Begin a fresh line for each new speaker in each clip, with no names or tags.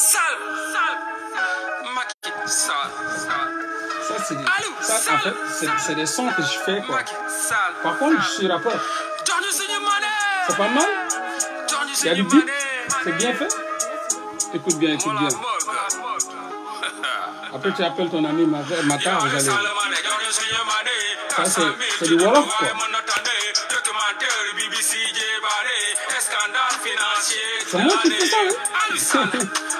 Sall Macky Sall. Ça c'est des ça en fait c'est des sons que je fais quoi. Par contre je suis rappeur. C'est pas mal. Il y a du beat. C'est bien fait. Écoute bien, écoute oh bien. Oh Après tu appelles ton ami Matar, vous allez. Ça c'est c'est du wolof quoi. C'est moi qui fais ça hein.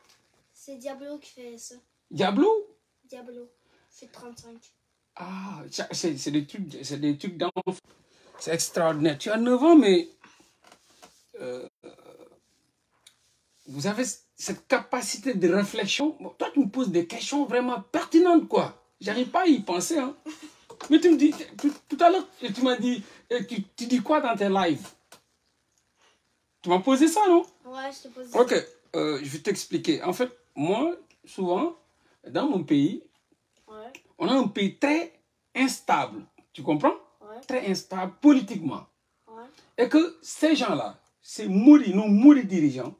C'est Diablo qui fait ça. Diablo Diablo. C'est 35.
Ah, c'est des trucs, c'est des trucs d'enfant. C'est extraordinaire. Tu as 9 ans, mais euh, vous avez cette capacité de réflexion. Bon, toi, tu me poses des questions vraiment pertinentes, quoi. J'arrive pas à y penser. Mais tu me dis, tout à l'heure, tu m'as dit, euh, tu, dis quoi dans tes lives Tu m'as posé ça, non Ok, euh, je vais t'expliquer. En fait, moi, souvent, dans mon pays, on a un pays très instable. Tu comprends Très instable politiquement. Et que ces gens-là, ces mouris, nos mouris dirigeants,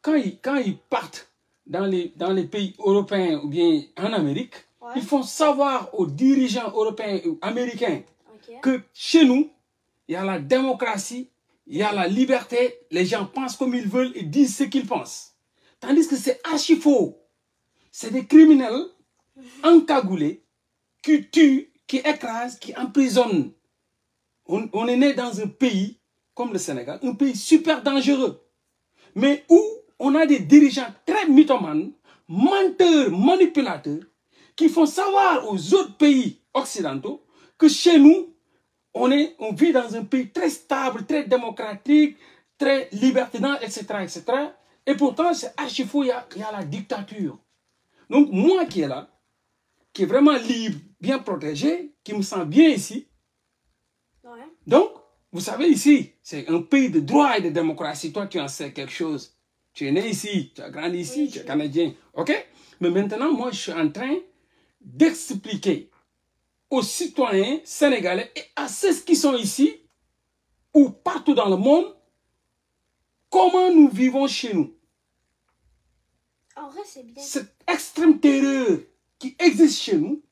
quand, ils, partent dans les, dans les pays européens ou bien en Amérique, ils font savoir aux dirigeants européens ou américains okay. que chez nous, il y la démocratie, il y la liberté, les gens pensent comme ils veulent et disent ce qu'ils pensent. Tandis que c'est archi faux. C'est des criminels encagoulés qui tuent, qui écrasent, qui emprisonnent. On, on est né dans un pays comme le Sénégal, un pays super dangereux, mais où on a des dirigeants très mythomanes, menteurs, manipulateurs, qui font savoir aux autres pays occidentaux que chez nous, on, est, on vit dans un pays très stable, très démocratique, très libertinant, etc., etc., Et pourtant, c'est archi fou, il y, la dictature. Donc, moi qui est là, qui est vraiment libre, bien protégé, qui me sens bien ici. Donc, vous savez, ici, c'est un pays de droit et de démocratie. Toi, tu en sais quelque chose. Tu es né ici, tu as grandi ici, tu es canadien. OK Mais maintenant, je suis en train d'expliquer aux citoyens sénégalais et à ceux qui sont ici ou partout dans le monde Comment nous vivons chez nous
En vrai, c'est bien. Cette
extrême terreur qui existe chez nous.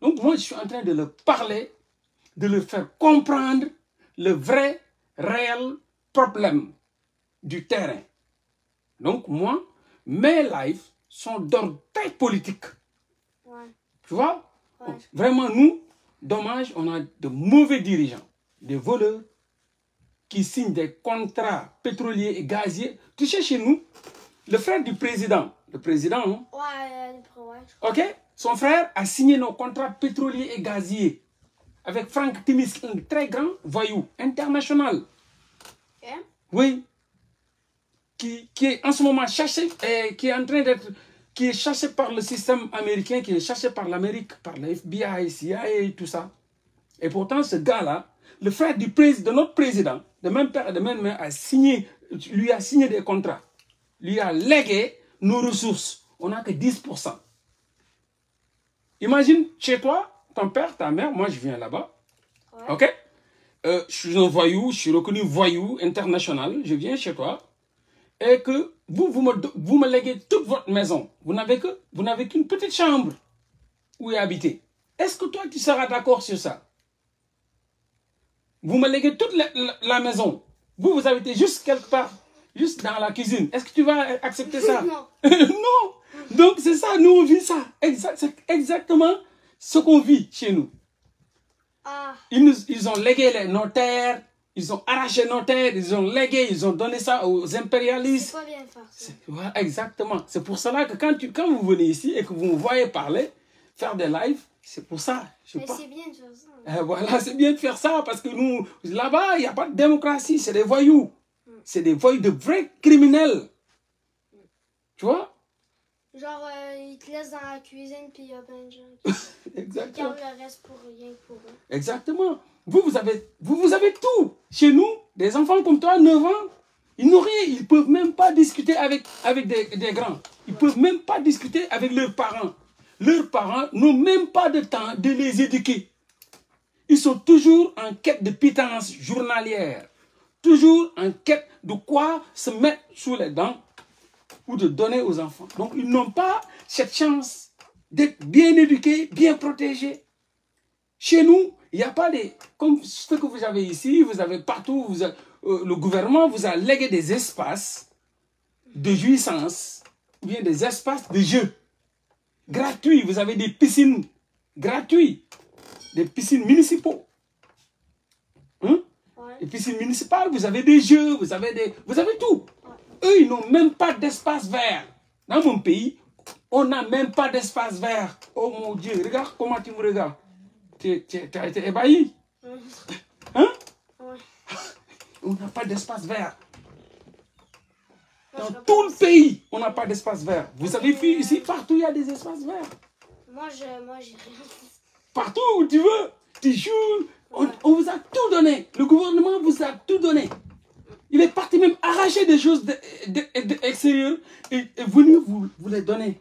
Donc moi, je suis en train de leur parler, de leur faire comprendre le vrai, réel problème du terrain. Donc moi, mes lives sont d'ordre très politique. Ouais. Vraiment, nous, dommage, on a de mauvais dirigeants, des voleurs, qui signent des contrats pétroliers et gaziers. Tu chez nous, le frère du président, le président,
euh,
Ok Son frère a signé nos contrats pétroliers et gaziers avec Frank Timis, un très grand voyou international. Yeah. Oui. Qui, est en ce moment cherché, et qui est en train d'être, qui est cherché par le système américain, qui est cherché par l'Amérique, par la FBI, CIA et tout ça. Et pourtant, ce gars-là, le frère du de notre président, de même père et de même mère, a signé, des contrats, lui a légué nos ressources. On n'a que 10%. Imagine, chez toi, ton père, ta mère, je viens là-bas. OK euh, un voyou, je suis reconnu voyou international, je viens chez toi. Et que vous, vous me, vous léguez toute votre maison. Vous n'avez que, qu'une petite chambre où y habiter. Est-ce que toi, tu seras d'accord sur ça Vous me léguez toute la, la, la, maison. Vous, vous habitez juste quelque part, juste dans la cuisine. Est-ce que tu vas accepter ça Non. non. Donc, c'est ça, nous, on vit ça. Exact, c'est exactement ce qu'on vit chez nous. Ah. Ils, nous, ils ont légué les, nos terres, ils ont arraché nos terres, ils ont légué, ils ont donné ça aux impérialistes. exactement. C'est pour cela que quand, tu, quand vous venez ici et que vous voyez parler, faire des lives, c'est pour ça. c'est de faire
ça.
Euh, voilà, c'est bien de faire ça parce que nous, là-bas, il n'y a pas de démocratie, c'est des voyous. Mm. C'est des voyous de vrais criminels. Tu vois
Genre, euh, ils te laissent dans la cuisine puis il y
Exactement. Vous, vous avez, tout. Chez nous, des enfants comme toi, 9 ans, ils n'ont Ils ne peuvent même pas discuter avec, avec des, des grands. Ils ne ouais. peuvent même pas discuter avec leurs parents. leurs parents n'ont même pas de temps de les éduquer. Ils sont toujours en quête de pitance journalière, toujours en quête de quoi se mettre sous les dents ou de donner aux enfants. Donc ils n'ont pas cette chance d'être bien éduqués, bien protégés. Chez nous, il n'y a pas des... Comme ce que vous avez ici, vous avez partout, euh, le gouvernement vous a légué des espaces de jouissance, ou bien des espaces de jeu gratuits. Vous avez des piscines gratuites, des piscines municipaux. Hein? Ouais. Des piscines municipales, vous avez des jeux, vous avez, des, vous avez tout. Ouais. Eux, ils n'ont même pas d'espace vert. Dans mon pays, on n'a même pas d'espace vert. Oh mon Dieu, regarde comment tu me regardes. Tu, ébahi. Mm. Hein? On n'a pas d'espace vert. Dans tout le pays, on n'a pas d'espace vert. Vous avez vu ici, partout, il y a des espaces verts.
Moi, je, moi,
Partout où tu veux, tu On, vous a tout donné. Le gouvernement vous a tout donné. Il est parti même arracher des choses de, extérieures et est vous, les donner.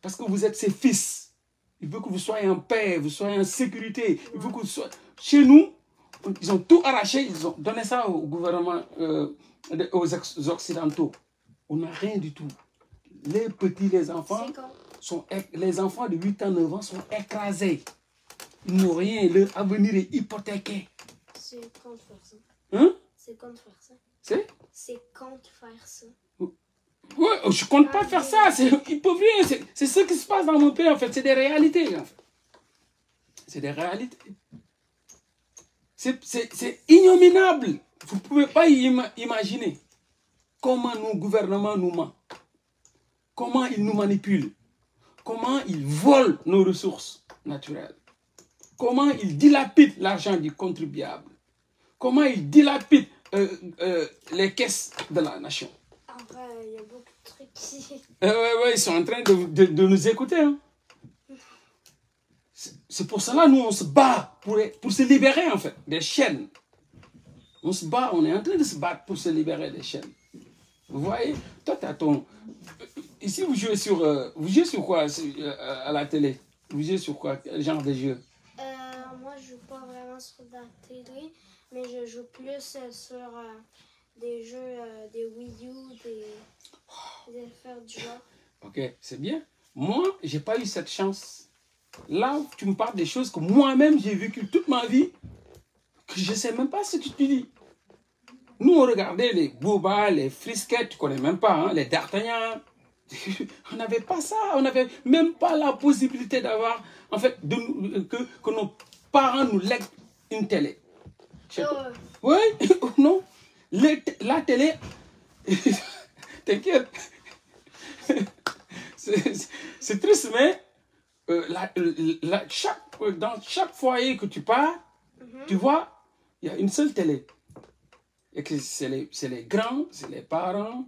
Parce que vous êtes ses fils. Il veut que vous soyez en paix, en sécurité. Il veut que vous soyez... Chez nous, ils ont tout arraché, ils ont donné ça au gouvernement euh, aux Occidentaux. On n'a rien du tout. Les petits, les enfants, de 8 ans, 9 ans sont écrasés. Ils n'ont rien. Leur avenir est hypothéqué.
C'est quand faire ça
Hein oh, je compte pas faire ça. Ils peuvent rien. C'est ce qui se passe dans mon pays, en fait. C'est des réalités, en fait. C'est des Vous ne pouvez pas imaginer comment nos gouvernements nous mentent, comment ils nous manipulent, comment ils volent nos ressources naturelles, comment ils dilapident l'argent du contribuable, comment ils dilapident euh, euh, les caisses de la nation. En vrai, il y a eh ils sont en train de, nous écouter. C'est pour cela, nous, on se bat pour, se libérer, en des chaînes On se bat, on est se pour se libérer des Vous voyez Toi, ton... Euh, ici, vous jouez sur... Euh, euh, à la télé Vous jouez sur quoi Quel genre de jeu
Moi, je joue pas vraiment sur la télé, mais je joue plus sur des jeux, des Wii U, des, oh.
des affaires du genre. Ok, c'est bien. j'ai pas eu cette chance. Là, tu me parles des choses que moi-même, j'ai vécu toute ma vie que je ne même pas ce que tu dis. Nous, on regardait les Booba, les Frisquettes, tu connais même pas, les D'Artagnan. on n'avait pas ça, on n'avait même la possibilité d'avoir, en fait, de, euh, que, que nos parents nous lèguent une télé. Oh. Oui, non. la télé, t'inquiète, c'est triste, euh, euh, chaque, foyer que tu pars, mm-hmm. tu vois, Il y a une seule télé. Et que c'est les, les, grands, c'est les parents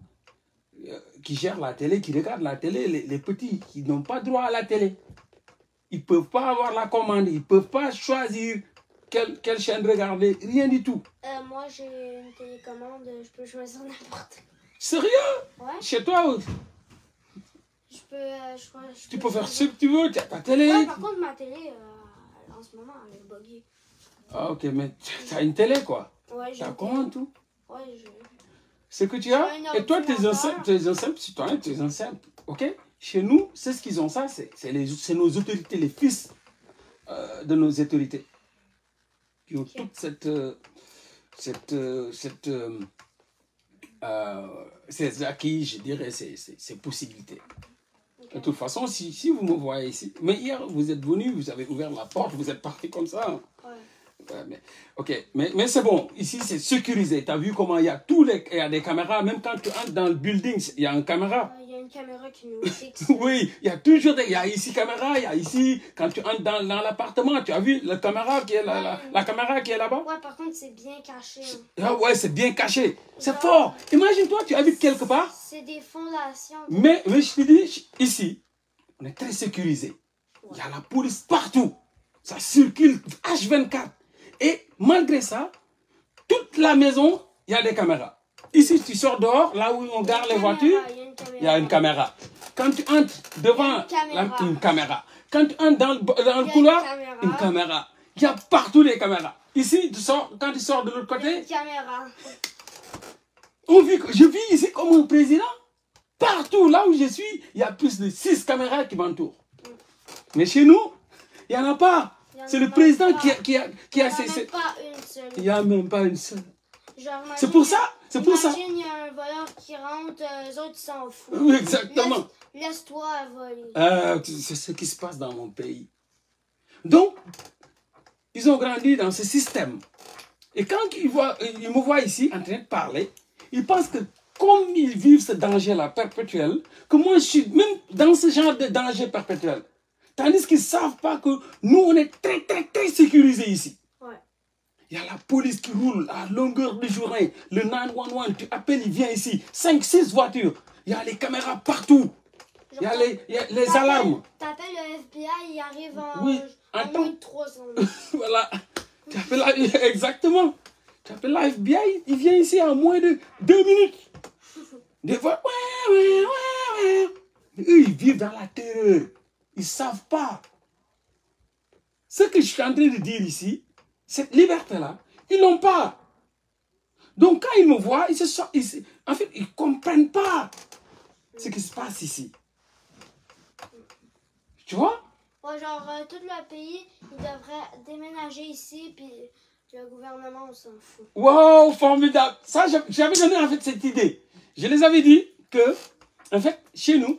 euh, qui gèrent la télé, qui regardent la télé, les, les petits qui n'ont pas droit à la télé. Ils ne peuvent pas avoir la commande, ils ne peuvent pas choisir quelle, quelle, chaîne regarder, rien du tout.
Euh, moi, j'ai une télécommande, je peux choisir n'importe quoi. Sérieux Ouais. Chez toi Je peux, euh, je crois, je Tu peux, peux
faire ce que tu veux, tu as ta télé. Ouais, par
contre, ma télé, euh, en ce moment, elle est buggée.
Ah, ok, mais tu as une télé, quoi. Ouais, T'as comment tout Ouais, je... Ce que tu as, et toi, tu es un simple, tu es un simple citoyen, tu es un simple, ok Chez nous, c'est ce qu'ils ont ça, c'est nos autorités, les fils euh, de nos autorités, qui ont okay. toute cette, euh, cette, euh, cette euh, euh, ces acquis, je dirais, ces, ces, ces possibilités. Okay. De toute façon, si, si vous me voyez ici, mais hier, vous êtes venu, vous avez ouvert la porte, vous êtes parti comme ça. Euh, mais, mais, mais c'est bon. Ici, c'est sécurisé. Tu comment il y les, il a des caméras. Même quand tu entres dans le building, il y a une caméra.
Il y a
oui, il y toujours ici caméra, il y ici. Quand tu entres dans, l'appartement, tu as vu la caméra qui est là, bas ah Ouais, c'est bien caché. c'est fort. Imagine-toi, tu habites quelque part. Mais, je te ici, on est très sécurisé. Il a la police partout. Ça circule h Et malgré ça, toute la maison, il y a des caméras. Ici, tu sors dehors, là où on garde les caméra, voitures, il y, y a une caméra. Quand tu entres devant, une caméra. La, une caméra. Quand tu entres dans le, dans le couloir, une caméra. Il y a partout des caméras. Ici, tu sors, quand tu sors de l'autre côté, une caméra. On vit, je vis ici comme un président. Partout là où je suis, il y a plus de six caméras qui m'entourent. Mm. Mais chez nous, il n'y en a pas. C'est le président pas. qui a, qui a, a cessé. Il n'y a même pas une seule.
C'est pour ça. C'est pour ça. il y a un euh, Oui, exactement. toi voler.
Euh, c'est ce qui se passe dans mon pays. Donc, ils ont grandi dans ce système. Et quand ils, voient, ils me voient ici en train de parler, ils pensent que comme ils vivent ce danger-là perpétuel, que moi je suis même dans ce genre de danger perpétuel. Tandis qu'ils ne savent pas que nous, on est très, très, très sécurisés ici. Il y a la police qui roule à longueur de journée. Le 911, tu appelles, il vient ici. 5, 6 voitures. Il y a les caméras partout. il y a les, alarmes.
Tu appelles le FBI, il arrive en, oui, en temps... de 300.
voilà. Tu appelles exactement. Tu appelles la FBI, il vient ici en moins de 2 minutes. Des fois, ouais, ouais, ouais, ouais. Et eux, ils vivent dans la terreur. Ils savent pas. Ce que je suis en de dire ici, cette liberté-là, ils l'ont pas. Donc quand ils me voient, ils comprennent pas ce qui se passe ici. Tu vois
Ouais, euh, tout le pays, il devrait déménager ici, puis le gouvernement, on s'en fout.
Wow, formidable Ça, j'avais donné en fait cette idée. Je les avais dit que, en fait, chez nous,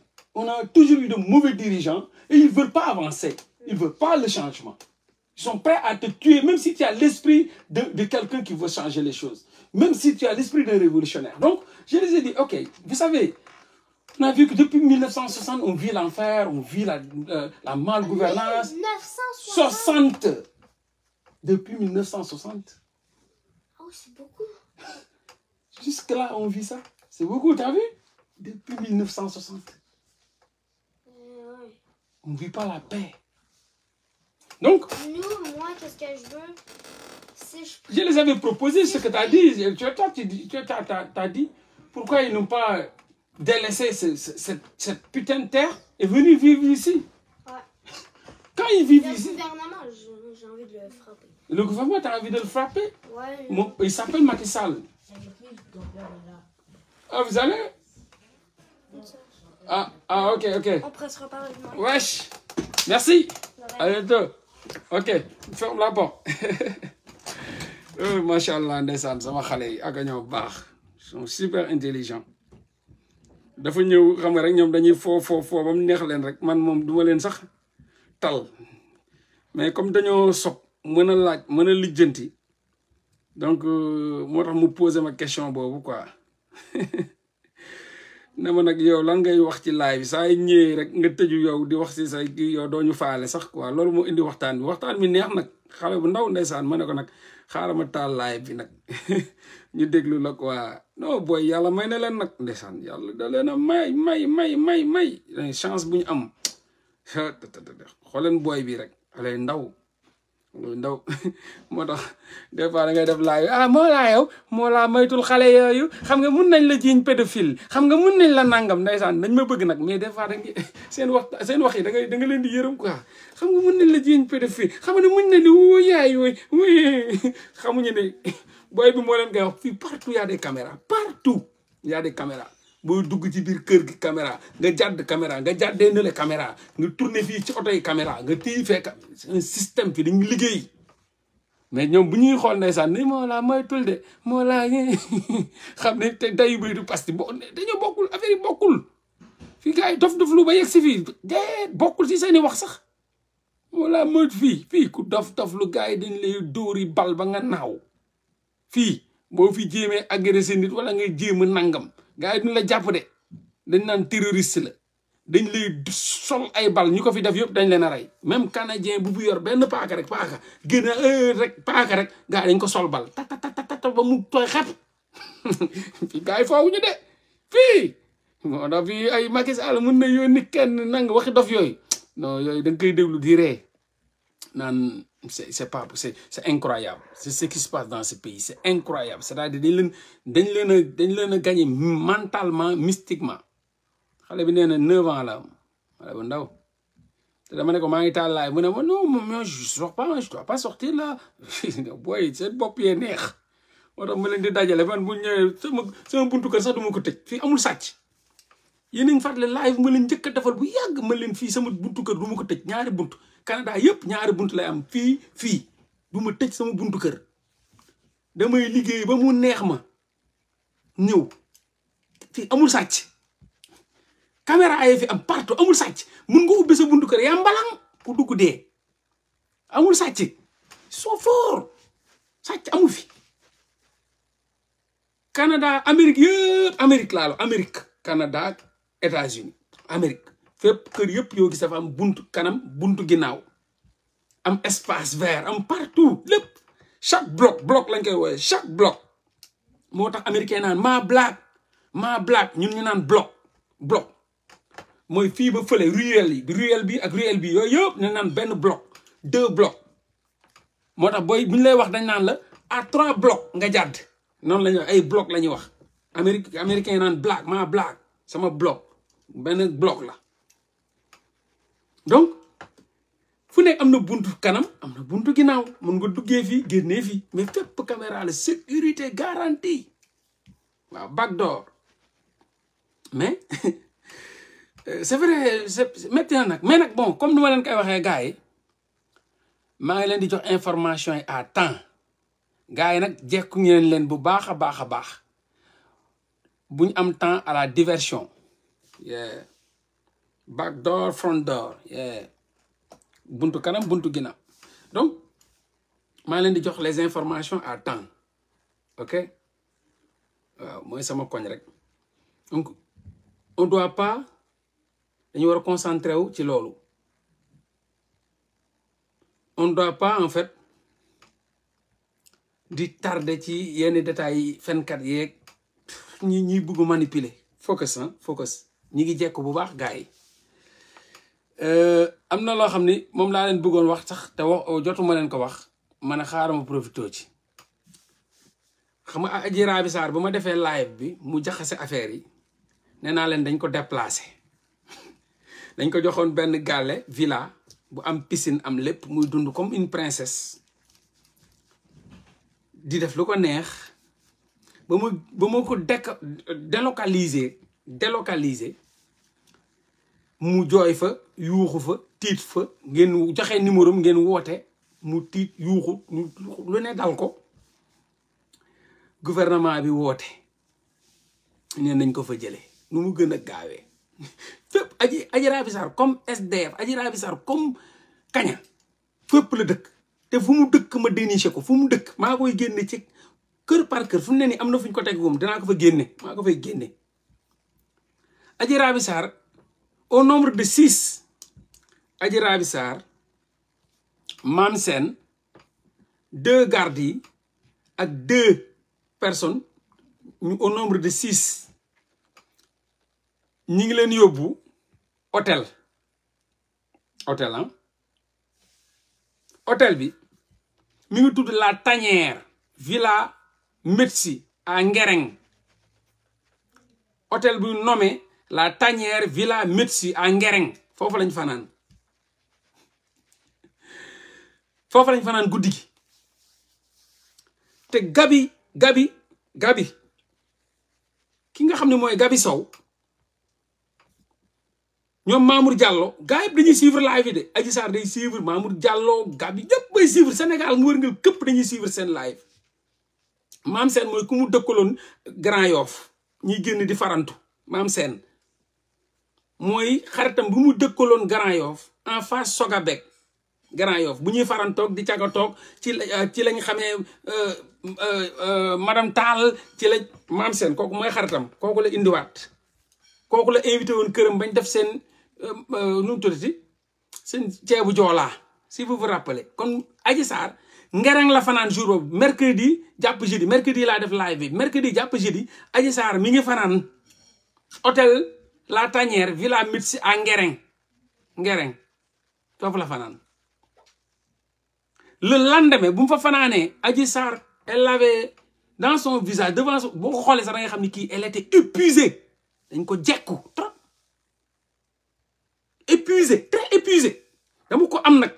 on a toujours eu de mauvais dirigeants et ils ne veulent pas avancer. Ils ne veulent pas le changement. Ils sont à te tuer, même si tu as l'esprit de, quelqu'un qui veut changer les choses. Même si tu as l'esprit d'un révolutionnaire. Donc, je les ai dit, OK, vous savez, on a vu que depuis 1960, on vit l'enfer, on vit la, euh, la malgouvernance.
1960
Depuis 1960.
Ah oh, c'est beaucoup.
Jusque-là, on vit ça. C'est beaucoup, t'as vu Depuis On ne vit pas la paix. Donc.
Nous, moi, qu'est-ce que je veux
les avais proposé ce que tu dit. t as, t as, t as, pourquoi ils n'ont pas délaissé cette, cette, terre et venu vivre ici. Quand ils vivent ici. Le
gouvernement, j'ai envie de le frapper. Le gouvernement, tu
Ah, vous allez Ah, ah, ok, ok. On Merci Allez, deux. Ok, ferme la porte. Euh, macha allah ndeysaan sama xale yi ak ñoo baax sont super intelligents dafa ñëw xam nga rek ñoom dañuy foo foo foo ba neex leen rek man moom duma leen sax tal mais comme dañoo sob mën a laaj mën a lijjanti donc euh, moo tax mu posé ma question boobu quoi ne ma nag yow lan ngay ci laay bi saa yi ñëwee rek nga tëju yow di wax si say yow doo ñu faale sax quoi loolu moo indi waxtaan bi waxtaan bi neex nag xale bu ndaw ndeysaan ma ne ko nag xaaral ma taal laay bi nag ñu déglu la quoi non booy yàlla may ne leen nag ndeysaan yàlla da leen a may may may may may chance bu ñu am xooleen booy bi rek lay ndaw. ndaw moo tax des fois da ngay def laay ah moo laa yow moo laa maytul xale yooyu xam nga mun nañ la jiiñ pédophile xam nga mun nañ la nangam ndeysaan dañ ma bëgg nag mais des fois da ngay seen wax seen wax yi da ngay da leen di yërëm quoi xam nga mun nañ la jiiñ pédophile xam nga ne mun nañ ne wuu yaay wooy xamuñu ne booy bi moo leen koy wax fii partout y a des caméras partout y a des booy dugg ci biir kër gi caméra nga jàdd caméra nga jàddee ne la caméra nga fii ci oto yi caméra nga téye fekk un système fi dañuy liggéey mais ñoom bu ñuy xool ndeysaan ni moo laa mooy xam ne te dayu bay du pasti bo bokkul affaire yi bokkul fii gars yi dof dof lu ba fii bokkul si seeni wax sax moo laa mooy fii fii ku dof dof lu gars yi dañ lay bal ba nga naaw fii boo fi jéemee agressé nit wala nga jéem a nangam gars yi la jàpp de dañ naan terroriste la dañ lay sol ay bal ñu ko fi def yëpp dañ leen a rey même canadien bu bu yor benn paaka rek paaka gën a euh, rek paaka rek gars yi dañ ko sol bal tatatatata ba mu tooy xat fii gars yi foofu ñu de fii moo tax fii ay Macky Sall mun na yónni kenn nang waxi dof yooyu non yooyu da koy déglu di ree naan c'est c'est pas c'est c'est incroyable c'est ce qui se passe dans ce pays c'est incroyable c'est-à-dire dañ leen dañ leen a dañ leen a gagné mentalement mystiquement xale bi nee na neuf ans la xale bu ndaw te dama ne ko maa ngi taal laay mu ne ma non moi je sors pas je dois pas sortir là booy seen bopp yee neex moo tax ma leen di dajale man bu ñëwee sama sama buntu kër sax du ma ko tëj fii amul sàcc yéen a ngi fàttali live ma leen njëkk a defal bu yàgg ma leen fii sama buntu kër du ma ko tëj ñaari buntu Canada yëpp ñaari bunt lay am fii fii bu ma tëj sama buntu kër damay liggéey ba mu neex ma ñëw fii amul sàcc caméra yi fi am partout amul sàcc mun nga ubbi sa buntu kër yaa mbalang ku dugg dee amul sàcc soo fort sàcc amu fi Canada Amérique yëpp Amérique laa la Canada États-Unis fépp kër yëpp yoo gis dafa am buntu kanam buntu ginnaaw am espace vert am partout lépp chaque bloc bloc lañ koy wooye chaque bloc moo tax américain naan maa black maa black ñun ñu naan bloc bloc mooy fii ba fële ruelle yi ruelle bi ak ruelle bi yooyu yëpp ñu naan benn bloc deux moo tax booy bu lay wax dañ naan la à trois blocs nga jàdd noonu la ñuy ay bloc la ñuy wax américain américain naan black maa black sama bloc benn bloc la donc fu ne am na buntu kanam am na buntu ginnaaw mun nga duggee fii génnee fii mais fépp caméra la sécurité garantie waaw backdoor mais c'est vrai c'est métti nag mais nag bon comme ni ma leen koy waxee gars maa ngi leen di jox information yi à temps gars yi nag jekku ngeen leen bu baax a baax a baax bu am temps à la diversion. back door front door yeah buntu kanam buntu gina donc maa leen di jox les informations à temps ok waaw mooy sama koñ rek donc on doit pas dañu war a concentrer wu ci loolu on doit pas en fait di tarder ci yenn détails yi fenkat yeeg ñi ñuy bugg manipuler focus ah focus ñi ngi jekk bu baax gars yi Euh, am na loo xam ni moom laa leen buggoon wax sax te wax jotuma leen ko wax ma ne xaaral ma profité ci xam nga Adji Raby Sarr ma defee live bi mu jaxase affaire yi nee naa leen dañ ko déplacé dañ ko joxoon benn gàlle villa bu am piscine am lépp muy dund comme une princesse di def lu ko neex ba ma ba ma ko délocaliser délocaliser mu jooy fa yuuxu fa tiit fa ngeen joxe numéro ngeen woote mu tiit yuuxu lu ne dal ko gouvernement bi woote ñeen nañ ko fa jële nu mu gën a gaawee fépp aji aji Rabi comme SDF aji Rabi comme kaña fépp la dëkk te fu mu dëkk ma déniché ko fu mu dëkk maa koy génne ci kër par kër fu mu ne nii am na fu ñu ko teg moom dinaa ko fa génne maa ko fay génne aji Rabi au nombre de six Adji Raby Sarr Mame Sène deux gardes ak deux personnes ñu au nombre de six ñi ngi leen yóbbu hôtel hôtel ah hôtel bi mi ngi tudd la Tanière Villa Médicis à Nguéreng hôtel bu nome la tanière villa Metsi à Ngereng foofu lañ fanaan foofu lañ fanaan guddi gi te gabi gabi gabi ki nga xam ne mooy gabi sow ñoom Mamour Diallo gars yëpp dañuy suivre live yi de Adji Sarr day suivre Mamour Diallo gabi yëpp bay suivre Sénégal mu wërngal këpp dañuy suivre seen live maam seen mooy ku mu dëkkaloon Grand Yoff ñuy génn di farantu maam seen mooy xaritam bu mu dëkkaloon Grand yoof en face Sogabek Grand yoof bu ñuy faran toog di caga toog ci euh, ci lañ xamee euh, euh, madame Tall ci la maam seen kooku mooy xaritam kooku la indiwaat kooku la invité woon këram bañ def seen nu mu seen ceebu joola si vous vous rappelez kon Adji Sarr ngereng la fanaan jour boobu mercredi jàpp jeudi mercredi laa def live bi mercredi jàpp jeudi Adji Sarr mi ngi fanaan hôtel la tanière villa mitsi à Nguéreng Nguéreng foofu la fanaan le lendemain bu mu fa fanaanee aji Sarr elle avait dans son visage devant son boo ko xoolee xam ni kii elle était épuisée dañ ko jekku trop épuisée très épuisée dama ko am nag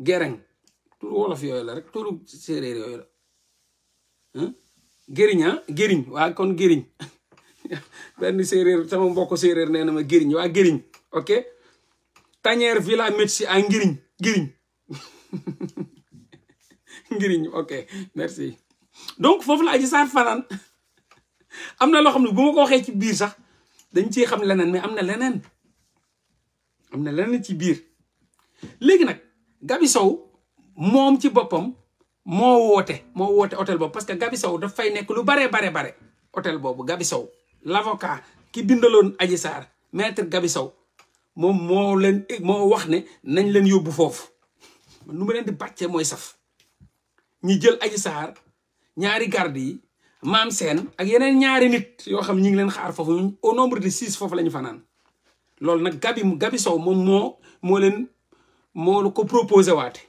Nguéreng tur wolof yooyu la rek turu séeréer yooyu la gëriñ ah, giriñ waa kon gëriñ benn séeréer sama mbokk séeréer nee na ma giriñ waa giriñ ok tanière villa métsi a ah, ngiriñ giriñ ngiriñ ok merci donc foofu la aji saar fanaan am na loo xam ne bu ma ko waxee ci biir sax dañ ciy xam leneen mais am na leneen am na leneen ci biir léegi nag Gabi Sow moom ci boppam moo woote moo woote hôtel boobu parce que Gabi Sow daf fay nekk lu baree bare bare hôtel boobu Gabi Sow l'avocat ki bindaloon aji saar maître gabisow moom moo leen moo wax ne nañ leen yóbbu foofu nu ma leen di bàccee mooy saf ñi jël Adji Sarr ñaari garde yi maam seen ak yeneen ñaari nit yoo xam ñi ngi leen xaar foofu au nombre de six foofu la ñu fanaan loolu nag Gabi Gabi Sow moom moo moo leen moo ko proposé waate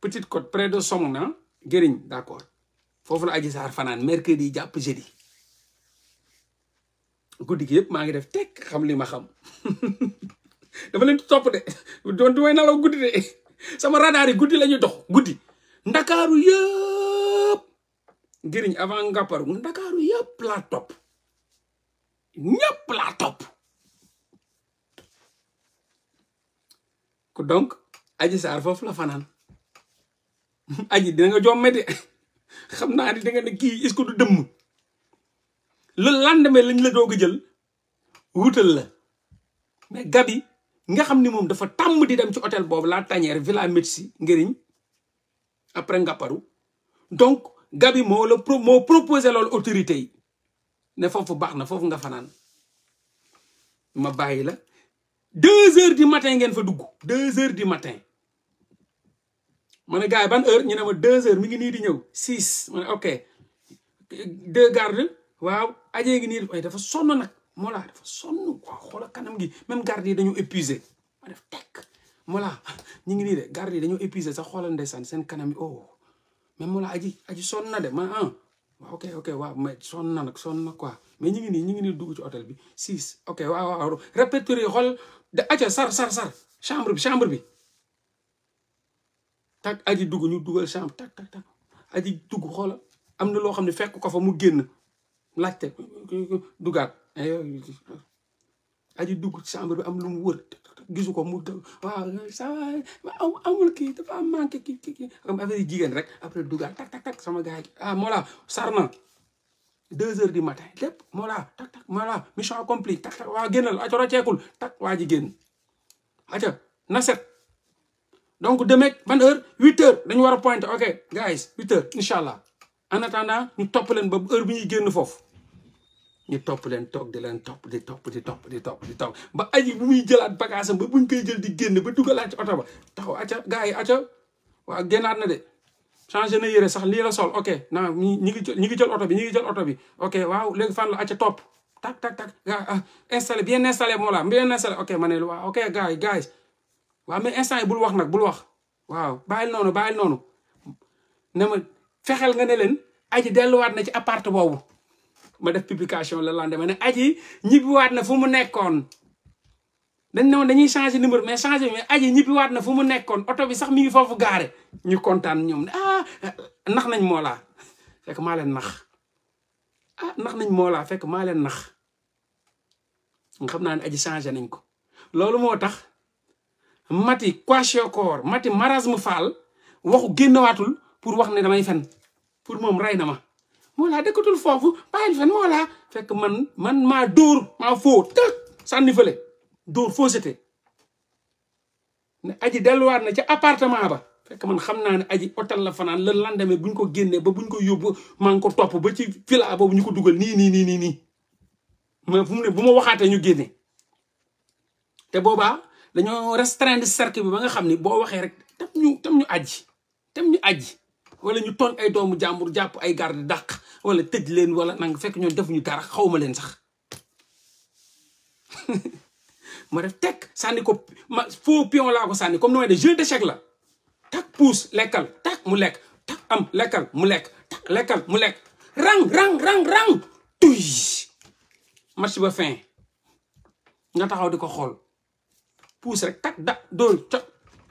Petite Côte près de Somona Guérigne d' accord foofu la Adji Sarr fanaan mercredi jàpp jeudi guddi gi yëpp maa ngi def tek xam li ma xam dafa leen topp de guddi la ñuy dox guddi ndakaaru yëpp Guérigne avant ngàpparu ndakaaru yëpp laa topp ñëpp laa donc Adji Sarr foofu la fanaan aji dina nga jomme de xam naa ni da nga ne kii est-ce que du dëmm le lendemain lañ la doog a jël wutal la mais gabi nga xam ni moom dafa tàmm di dem ci hôtel boobu la tanière villa médecine ngiriñ après ngàpparu donc gabi moo la moo proposé loolu autorité yi ne foofu baax na foofu nga fanaan ma bàyyi la deux heures du matin ngeen fa dugg deux heures du matin ma ne gars yi ban heure ñu ne ma deux heures mi ngi nii di ñëw six ma ne ok deux waaw ajee ngi nii dafa sonn nag Mollah dafa sonn kanam gi même gardes yi dañoo épuisé ma ñu ngi nii de gardes yi dañoo épuisé sax xoolal ndeysaan seen kanam yi oh mais Mollah aji aji sonn na de ma ah waaw ok ok waaw mais sonn na nag sonn na quoi mais ñu ngi nii ñu ngi nii dugg ci hôtel bi six ok waaw waaw répéteur yi xool de aca sar sar sar chambre bi chambre bi tak aji dugg ñu dugal chambre tak tak tak aji dugg xoola am na loo xam ne fekk ko fa mu génn laajte dugaat aji chambre bi am lu mu wër gisu ko mu waaw ça amul kii dafa am manqué kii kii comme jigéen rek après dugaat tak tak tak sama gars yi ah Mollah Sarna deux heures du matin lépp Mollah tak tak Mollah mission accomplie tak tak waa génnal acoro ceekul tak waa ji génn aca na donc demain ban heure huit dañu war a point ok guys huit heures incha allah en attendant ñu topp leen ba heure bi ñuy génn foofu ñu topp leen toog di leen topp di topp di topp di topp di topp ba aji bu muy jëlaat bagage am ba buñ koy jël di génn ba dugalaat ci oto ba taxaw acca gars yi acca waaw génnaat na de na yére sax lii la sol ok na ñi ngi jël ñi ngi jël oto bi ñi ngi jël oto bi ok waaw léegi fan topp tak tak tak gaa ah, installé bien installé moo la bien installé ok ma ne waaw ok gars yi waaw mais instant yi bul wax nag bul wax waaw bàyyil noonu bàyyil noonu ne ma fexeel nga ne leen aji delluwaat na ci appart boobu ma def publication le lendemain ne aji ñibbiwaat na fu mu nekkoon dañ ne woon dañuy changé numéro mais changé mais aji ñibbiwaat na fu mu nekkoon oto bi sax mi ngi foofu gaare ñu kontaan ñoom ne ah nax nañ moo fekk maa leen nax ah nax nañ moo fekk maa leen nax nga xam naa ne aji changé nañ ko loolu moo tax mati kwashiorkor mati marasme faal waxu génnewaatul pour wax ne damay fen pour moom rey na ma moo laa dëkkatul foofu bàyyil fen moo laa fekk man man maa dóor maa foo tëk sànni fële dóor fausseté ne aji delluwaat na ci appartement ba fekk man xam naa ne aji hôtel la fanaan le lendemain bu ñu ko génnee ba bu ñu ko yóbbu maa ngi ko topp ba ci villa boobu ñu ko dugal nii nii nii nii nii mais fu mu ne bu ma waxaatee ñu génne te boobaa dañoo restreindre cercle bi ba nga xam ni boo waxee rek tam ñu tam ñu ajji tem ñu ajji wala ñu tooñ ay doomu jàmbur jàpp ay garde daq wala tëj leen wala nanga fekk ñoom defuñu dara xawma leen sax ma def tekk sànni ko ma faux pion laa ko sànni comme ni may de jeu d'échec la tak puus lekkal tak mu lekk tak am lekkal mu lekk tak mu lekk rang rang rang rang tuy ba fin nga taxaw di ko xool puus rek tak da dóor co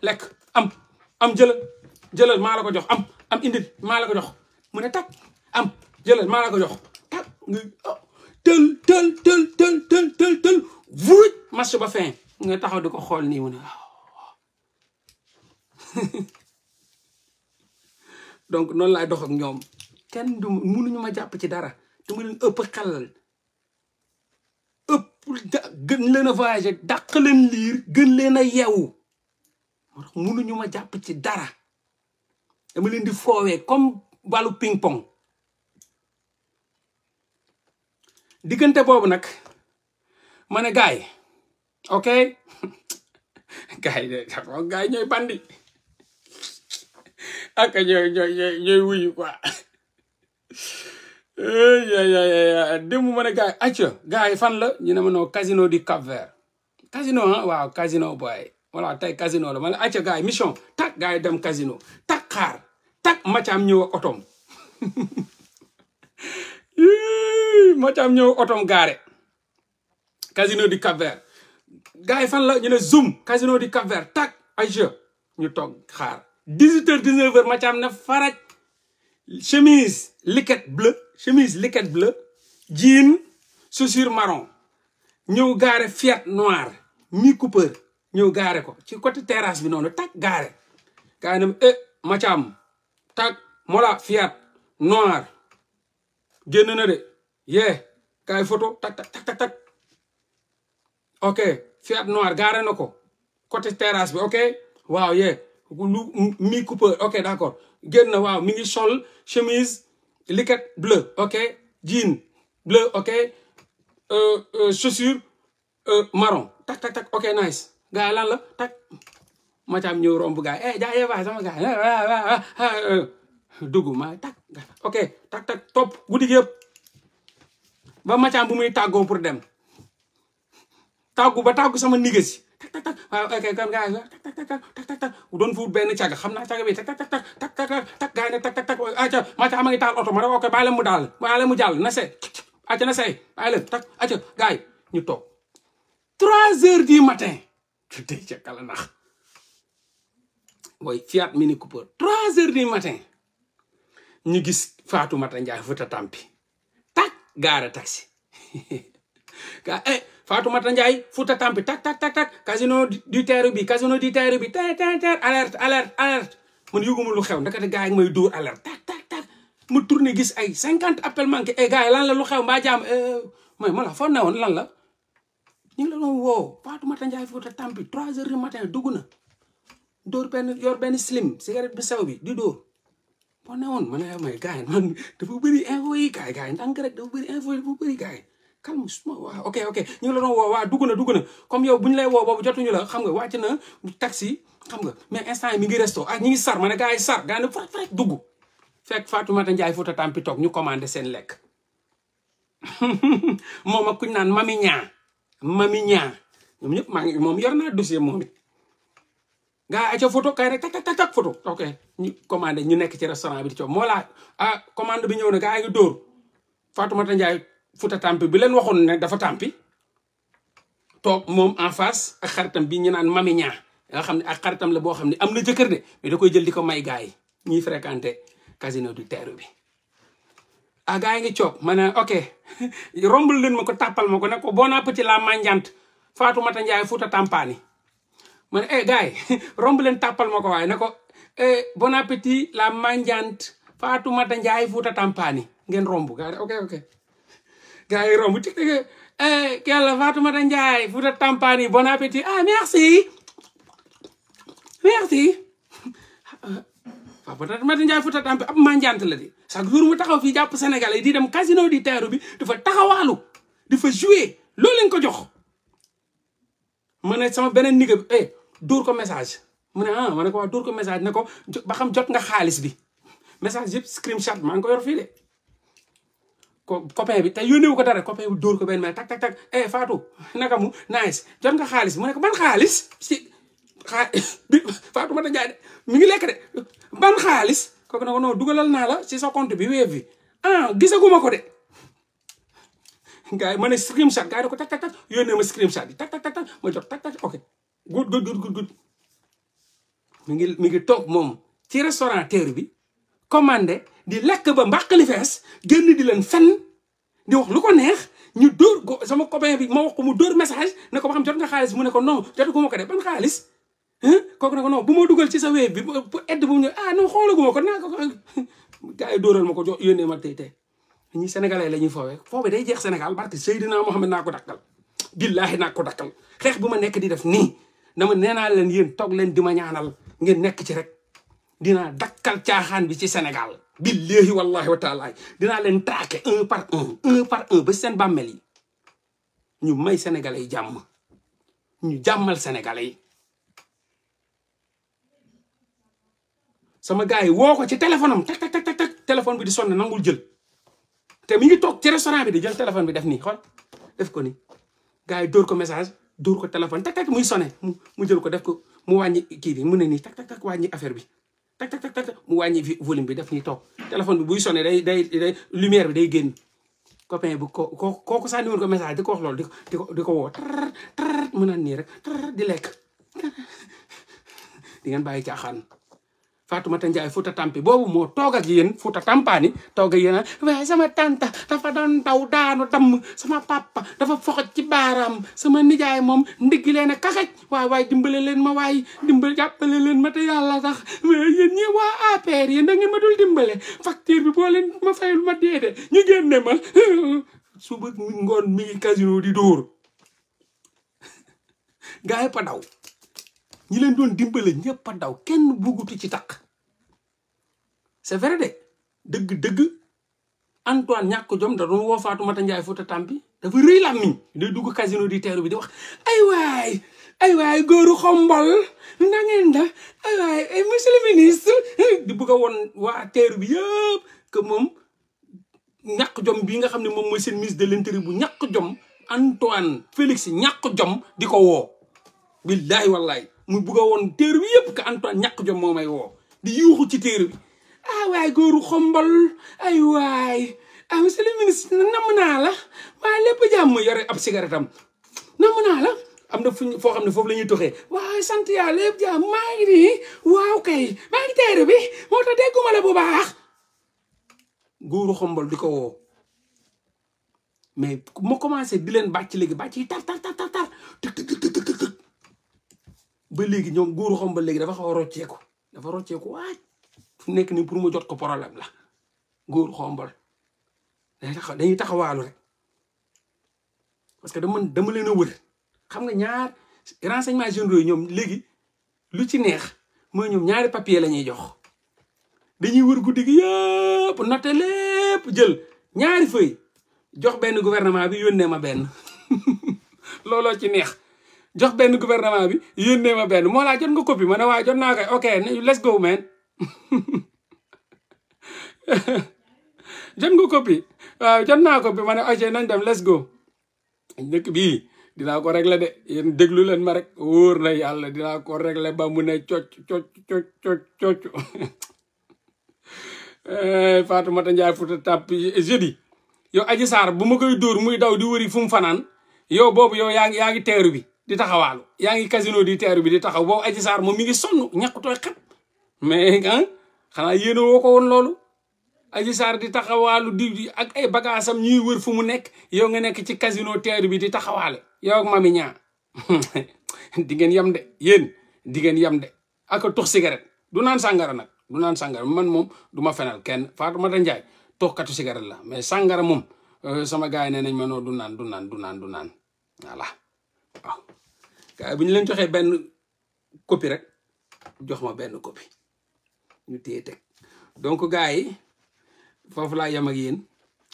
lekk am am jëlal jëlal maa la ko jox am am indil ko jox mu ne tak am jëlal maa la ko jox tak nga oh, tël tël tël tël tël tël tël vuuj match ba fin nga taxaw di ko xool nii mu ne donc noonu laay dox ak ñoom kenn du mënuñu ma jàpp ci dara du ma leen ëpp xelal pour gën leen a voyager dàq leen liir gën leen a yeewu moo tax mënuñu ma jàpp ci dara dama leen di foowee comme balu ping pong diggante boobu nag mane ne ok gars yi bandi ak ñooy ñooy ñooy wuyu Eh, démb mu ne gars acca gars fan la ñu ne ma non casino du Cap Vert casino ah waaw casino boy voilà tey casino la ma ne acca gars mission tak gars dem casino tak xaar tak macaam ñëw otoom macaam ñëw ak otoom gaare casino du Cap Vert gars fan la ñu ne zoom casino di Cap Vert tak acca ñu toog xaar 18 heures 19 ne faraj chemise liquette bleu chemise liquette bleu jean chaussure marron ñëw gaare Fiat noir mi Cooper ñëw gaare ko ci côté terrasse bi noonu tak gaare gaay nam e Mathiam eh, tak mola Fiat noir génn na de yee kaay photo tak tak tak ok Fiat noir gaare na ko côté terrasse bi ok waaw yee mi Cooper ok d'accord génn waaw mi ngi sol chemise liquet bleu ok jean bleu ok euh, euh, chaussure euh, marron tak tak tak ok nice gars yi lan tak macaam ñëw romb gars yi eh jaayee waay sama gars yi eh, ma tak ok tak tak topp guddi gi ba macaam bu muy tàggoo pour dem tàggu ba tàggu sama nigasi tak tak tak doon fuut benn càgg xam naa càgg bi tak tak tak tak tak tak tak gars ah, taal oto ma ne ok bàyyi leen mu daal bàyyi leen mu jàll na see aca ah, na see bàyyi leen tak aca ah, gars ñu toog trois heures du matin tu tey ca kala nax booy Fiat gis Fatoumata Ndiaye Fouta Tampi tak gaare taxi ga eh Fatoumata Ndiaye Fouta Tampi tak tak tak tak casino du terre bi casino du terre bi ter ter ter alerte alerte alerte man yëguma lu xew ndakate gars yi may dóor alerte tak tak tak ma tourné gis ay cinquante appel manqué e eh, gars yi lan la lu xew mbaa jaam mooy eh, ma la foo ne woon lan la ñu ngi la doon woo Fatoumata Ndiaye Fouta Tampi trois heures du matin dugg na dóor benn yor benn slim cigarette bi sew bi di dóor boo ne woon ma ne eh, may gars yi man dafa bëri info yi gars yi gars yi ndànk rek dafa bëri info yi dafa bëri gars yi calme suma waa ok ok ñu ngi la doon dugg na dugg na comme yow bu ñu lay woo boobu jotuñu la xam nga wàcc na taxi xam nga mais instant yi mi ngi resto ak ñi ngi sar ma ne gars yi sar gars yi ne farek farek dugg fekk Fatoumata Ndiaye Fouta Tampi ñu commandé seen lekk moom kuñ naan mami mami ñaa moom yor moom it gars yi acca photo kay rek tak ñu nekk ci restaurant bi di coow moo laa ah bi ñëw na gars yi ngi dóor Fatoumata Ndiaye futa tàmpi bi leen waxoon ne dafa tàmpi toog moom en face ak xaritam bi ñu naan mami xam ne ak xaritam la boo xam ne am na jëkkër de mais da koy jël di ko may gaay yi ñuy fréquenté casino du terre bi ah gars yi ngi coog ma ne ok leen ma ko tàppal ma ko ne ko bon appétit la manjante Fatoumata Ndiaye futa tàmpaani ma ne eh, romb leen tàppal ma ko waaye ne ko eh, bon appétit la manjante Fatoumata Ndiaye futa tàmpaani ngeen romb gars ok ok gars yi romb tik tik eh Kelle Fatoumata Ndiaye Fouta Tampani bon appétit ah merci merci waaw Fatoumata Ndiaye Fouta Tampani ab manjant la di chaque taxaw fii jàpp Sénégal yi di dem casino di teeru bi dafa taxawaalu fa jouer loolu lañ ko jox ma ne sama beneen nigga bi eh dóor ko message mu ne ah ne ko waa dóor ko message ne ko ba xam jot nga xaalis bi message yëpp screenshot maa ngi ko yor fii de copain bi te yónneewu ko dara copain bi dóor ko benn mel tak tak tak eh Fatou naka mu nice jot nga xaalis mu ne ko ban xaalis si xaa bi Fatou ma ta jaay de mi ngi lekk de ban xaalis kooku ne ko non dugalal naa la si sa compte bi Wave bi ah gisaguma ko de gars yi ma ne screenshot gars yi da ko tak tak tak yónnee ma screenshot ok good good ngi mi ngi toog moom ci restaurateur bi commandé di lakk ba mbàqali fees génn di leen fenn di wax lu ko neex ñu dóor sama copain bi ma wax ko mu dóor message ne ko ba xam jot nga xaalis mu ne ko non jotu ko ma ko def ban xaalis kooku bu ma dugal ci sa web bi bu edd bu mu ñëw ah non xoolaguma ko ko gars ma ko jox yónnee ma tey tey ñi sénégalais la ñuy foowee foofu day jeex Sénégal barke Seydina Mohamed naa ko dakkal billaahi naa ko dakkal xeex bu ma nekk di def nii dama nee naa leen yéen toog leen di ma ñaanal ngeen nekk ci rek dinaa dakkal caaxaan bi ci senegal billahi wallahi wa taalaay dinaa leen traqué un par un un par ba seen bàmmeel yi ñu may sénégalais yi jàmm ñu jàmmal sénégalais yi sama gaay yi woo ko ci téléphone am tak tak tak tak téléphone bi di sonn nangul jël mi ngi toog ci di jël téléphone bi def nii xool def yi dóor ko message dóor ko téléphone tak tak muy sonné mu jël ko def ko mu wàññi kii bi mu ne nii tak tak tak wàññi affaire bi tak tak tak mu wàññi volume bi def ñuy toog téléphone bi buy sonné day day day lumière bi day génn copain bu ko kooku sànni woon ko message di ko wax loolu di ko di ko woo tar tar mu naan nii rek tar di lekk di ngeen bàyyi caaxaan Fatoumata Ndiaye Fouta Tampi boobu moo toog ak yéen Fouta Tampaani toog ak waaye sama tanta dafa doon daw daanu damm sama papa dafa foxoj ci baaraam sama nijaay moom ndiggi leen a kaxaj waaye waaye dimbale leen ma waaye dimbale jàppale leen ma te yàlla sax yéen ñi waa APR yéen ngeen ma dul dimbale facture bi boo leen ma fayul ma deede ñu génne ma suba ngoon mi ngi casino di dóor daw ñi leen doon dimbale ñëpp a daw kenn buggutu ci takk c'est vrai de dëgg-dëgg Antoine ñàkk jom da doon woo Fatoumata Ndiaye Fouta dafa rëy làmmiñ day dugg casino di teeru bi di wax ay waay ay waay góoru xombal na ngeen da ay waay ay ministre di bugg woon waa teeru bi yëpp que moom ñàkk jom bii nga xam ne moom mooy seen ministre de l'intérieur bu ñàkk jom Antoine Félix ñàkk jom di ko woo mu bugg woon téere bi yëpp ka Antoine ñàkk jom moo may woo di yuuxu ci téere bi ah waay góoru xombal ay waay ah monsieur le ministre namm naa la waaye lépp jàmm yore ab cigarette am namm naa la am na fuñ foo xam ne foofu lañuy toxee waaw sant yàlla lépp jàmm maa ngi nii waaw kay maa ngi bi moo tax dégguma la bu baax góoru xombal di ko woo mais ma commencé di leen bàcc léegi bàcc tar tar tar tar ba léegi ñoom góor xam ba léegi dafa xaw a rocceeku dafa rocceeku waaj fu nekk nii pour mu jot ko problème la góor xombal dañuy taxawaalu rek parce que dama dama leen a wër xam nga ñaar renseignement généraux yooyu ñoom léegi lu ci neex mooy ñoom ñaari papier la ñuy jox dañuy wër guddi gi yëpp noté lépp jël ñaari feuille jox benn gouvernement bi yónnee ma benn looloo ci neex jox benn gouvernement bi yónnee ma benn moo laa jot nga copie ma ne waaye jot naa koy ok let's go man jot nga copie jot naa ko bi ma ne ok nañ dem let's go dëkk bii dinaa ko régler de yéen déglu leen ma rek wóor na yàlla dina ko régler ba mu ne coc coc coc coc coc eh, Fatoumata Ndiaye Fouta Tap jeudi yow Adji Sarr bu ma koy dóor muy daw di wëri fu mu fanaan yow boobu yo yaa ngi yaa ngi teeru bi di taxawaalu yaa ngi casino di teeru bi di taxaw boobu Adji saar moom mi ngi sonn ñàkkutooy xet mais ah xanaa yéene woo ko woon loolu Adji Sarr di taxawaalu di ak ay bagaasam ñuy wër fu mu nekk yow nga nekk ci casino teeru bi di taxawaale yow ak mami ñaa di ngeen yem de yéen di ngeen yem de ak tux cigarette du naan sangara nag du naan sàngara man moom du ma fenal kenn Fatoumata Ndiaye tuxkatu cigarette la mais sàngara moom euh, sama gars yi nee nañ ma noo du naan du naan du naan du naan voilà waaw gars yi bu ñu leen joxee benn copie rek jox ma benn copie ñu téye teg donc gars yi foofu laa yem ak yéen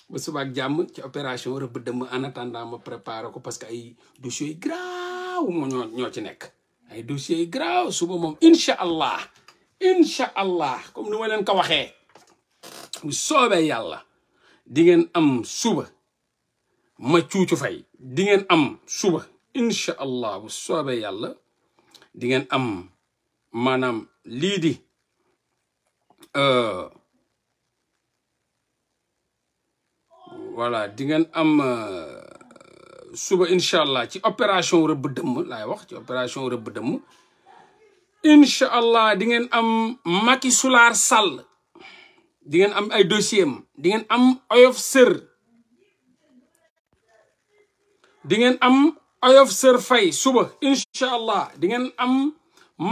ba suba ak jàmm ci opération rëbb dëmm en attendant ma préparé ko parce que ay dossiers graaw ñoo ci nekk ay dossiers yu suba moom incha allah incha allah comme ni ma leen ko waxee bu soobee yàlla dingeen am suba ma cuucu fay dingeen am suba incha allah bu soobee yàlla dingeen am maanaam lii di euh, voilà di ngeen am euh, suba incha allah ci opération rëbb dëmm laay wax ci opération rëbb dëmm incha allah dingeen am Macky Sulaar Sall di ngeen am ay dossier dingeen am oyof sër di am oyof sër fay suba incha allah di ngeen am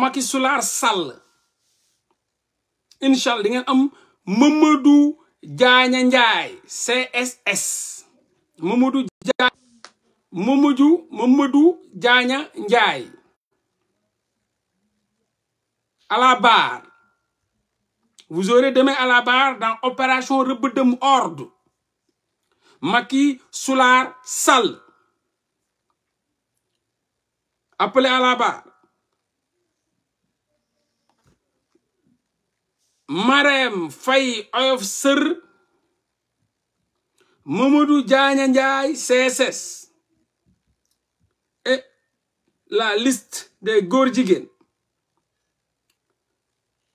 maki Sulaar sal incha allah di ngeen am Mamadou Jaaña Njaay CSS Mamadou Jaa Mamadou Mamadou Jaaña Njaay à la vous aurez demain à la barre dans opération rëbb dem ordre appelé à la barre Marème Faye oyof sër Mamadou Diagne Ndiaye CSS la list de góor jigéen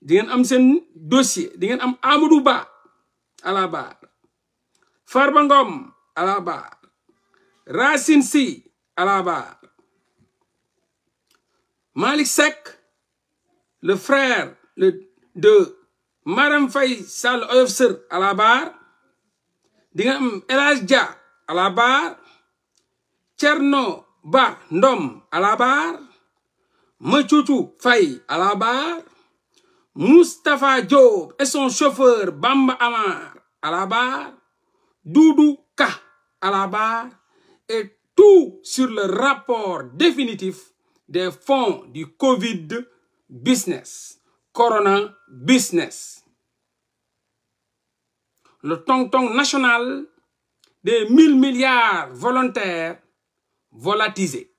di am seen dossier di ngeen am Amadou Ba à la barre Racine Sy à Malick Seck le frère le de Marème Faye Sall oyof à la barre di à la barre Thierno Ba Ndom à la barre Mathiotou Faye à la barre Moustapha Diop et son chauffeur Bamba Amar à la barre Doudou à la barre et tout sur le rapport définitif des fonds du Covid business, Corona business. Le tong-tong national des 1000 milliards volontaires volatilisés.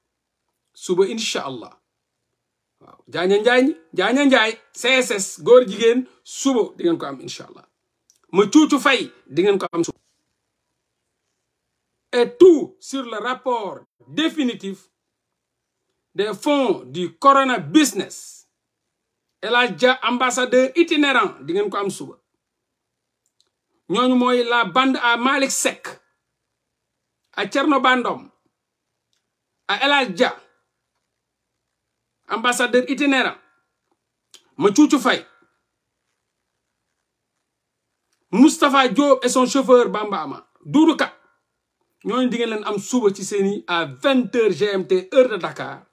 suba incha allah waaw jaaña njaañ jaaña njaay CSS góor jigéen suba di ngeen ko am incha allah ma cuucu fay di ngeen ko am suba et tout sur le rapport définitif des fonds du corona business El Hadj ambassadeur itinérant di ngeen ko am suba ñooñu mooy la band à Malick sek a Thierno Bandom à El Dia ambassadeur itinérant ma cuucu fay Moustapha Diop et son chauffeur Bamba Ama Doudou Ka di ngeen leen am suba ci seeni à vingt heures GMT heure de Dakar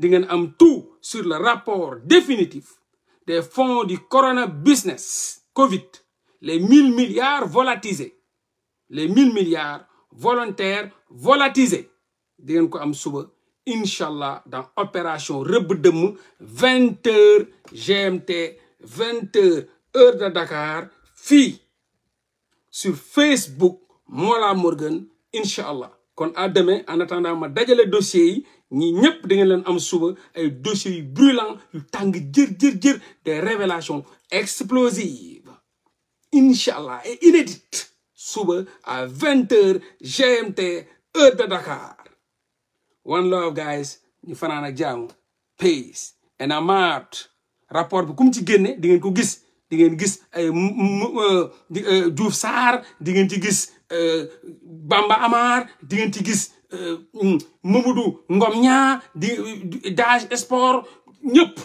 di am tout sur le rapport définitif des fonds du corona business Covid les mille milliards volatilisés les mille milliards volontaires volatilisés di ko am suba incha allah dans opération rëbb dëmm vingt heures GMT vingt heures heure de Dakar fii sur Facebook Mollah Morgun incha allah kon à demain en attendant ma dajale dossier yi. ñi ñëpp da ngeen leen am suba ay dossiers yu brûlants yu tàng jër jër jër des révélations explosives incha allah et inédites suba à vingt GMT heure de Dakar one love guys ñu fanaan a jaamu peace and I'm out rapport bi kum ci génne di ngeen ko gis di ngeen gis ay euh, euh, Diouf saar di ngeen ci gis euh, Bamba Amar di ngeen ci gis Euh, mm, Mamadou ngoom ñaa di dage sport ñëpp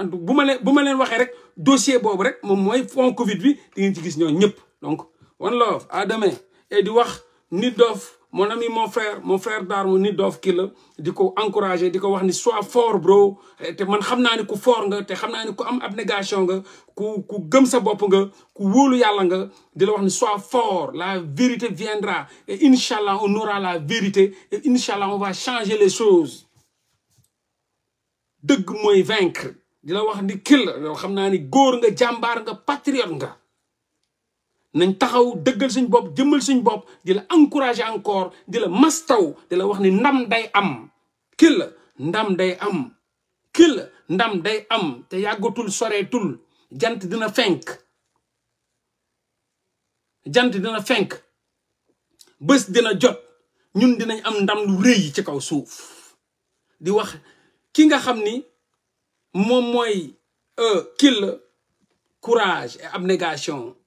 antu bu ma leen bu ma leen waxee rek dossier boobu rek moom mooy fond Covid bi di ngeen ci gis ñoo ñëpp donc one love à demain et wax nit doof mon ami mon frère mon frère d'armes nit doof kii la di ko encouragé di ko wax ni sois fort bro te man xam naa ni ku foor nga te xam naa ni ku am abnégation nga ku ku gëm sa bopp nga ku wóolu yàlla nga di la wax ni sois fort la vérité viendra et inchallah on aura la vérité et inchallah on va changer les choses dëgg mooy vaincre di la wax ni kii la yow xam naa ni góor nga jàmbaar nga patriote nga nañ taxaw dëggal suñ bopp jëmmal suñ bopp di la encourager encore di mastaw di wax ni ndam day am kill la ndam day am kii la ndam day am te yàggatul soreetul jant dina fenk jant dina fenk bés dina jot ñun dinañ am ndam lu rëy ci kaw suuf di wax ki nga xam ni moom mooy euh, kill la courage et abnégation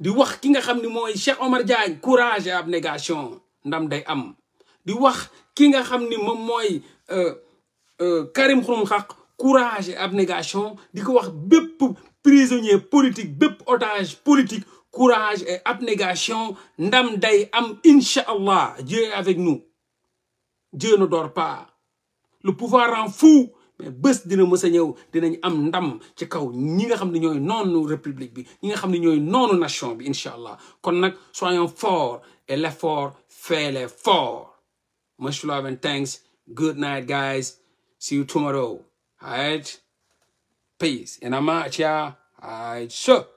di wax ki nga xam ni mooy Cheikh Omar Diagne courage et abnégation ndam day am di wax ki nga xam ni moom mooy euh, euh, Karim Xrum Xax courage abnégation di ko wax bépp prisonnier politique bépp otage politique courage et abnégation ndam day am incha allah Dieu avec nous Dieu ne dort pas le pouvoir rend fou mais bës dina mës a ñëw dinañ am ndam ci kaw ñi nga xam ne ñooy noonu bi ñi nga xam ne ñooy noonu nation bi incha allah kon nag soyons forts et l'effort fait l'effort much love and thanks good night guys see you tomorrow all right peace and ama chia all right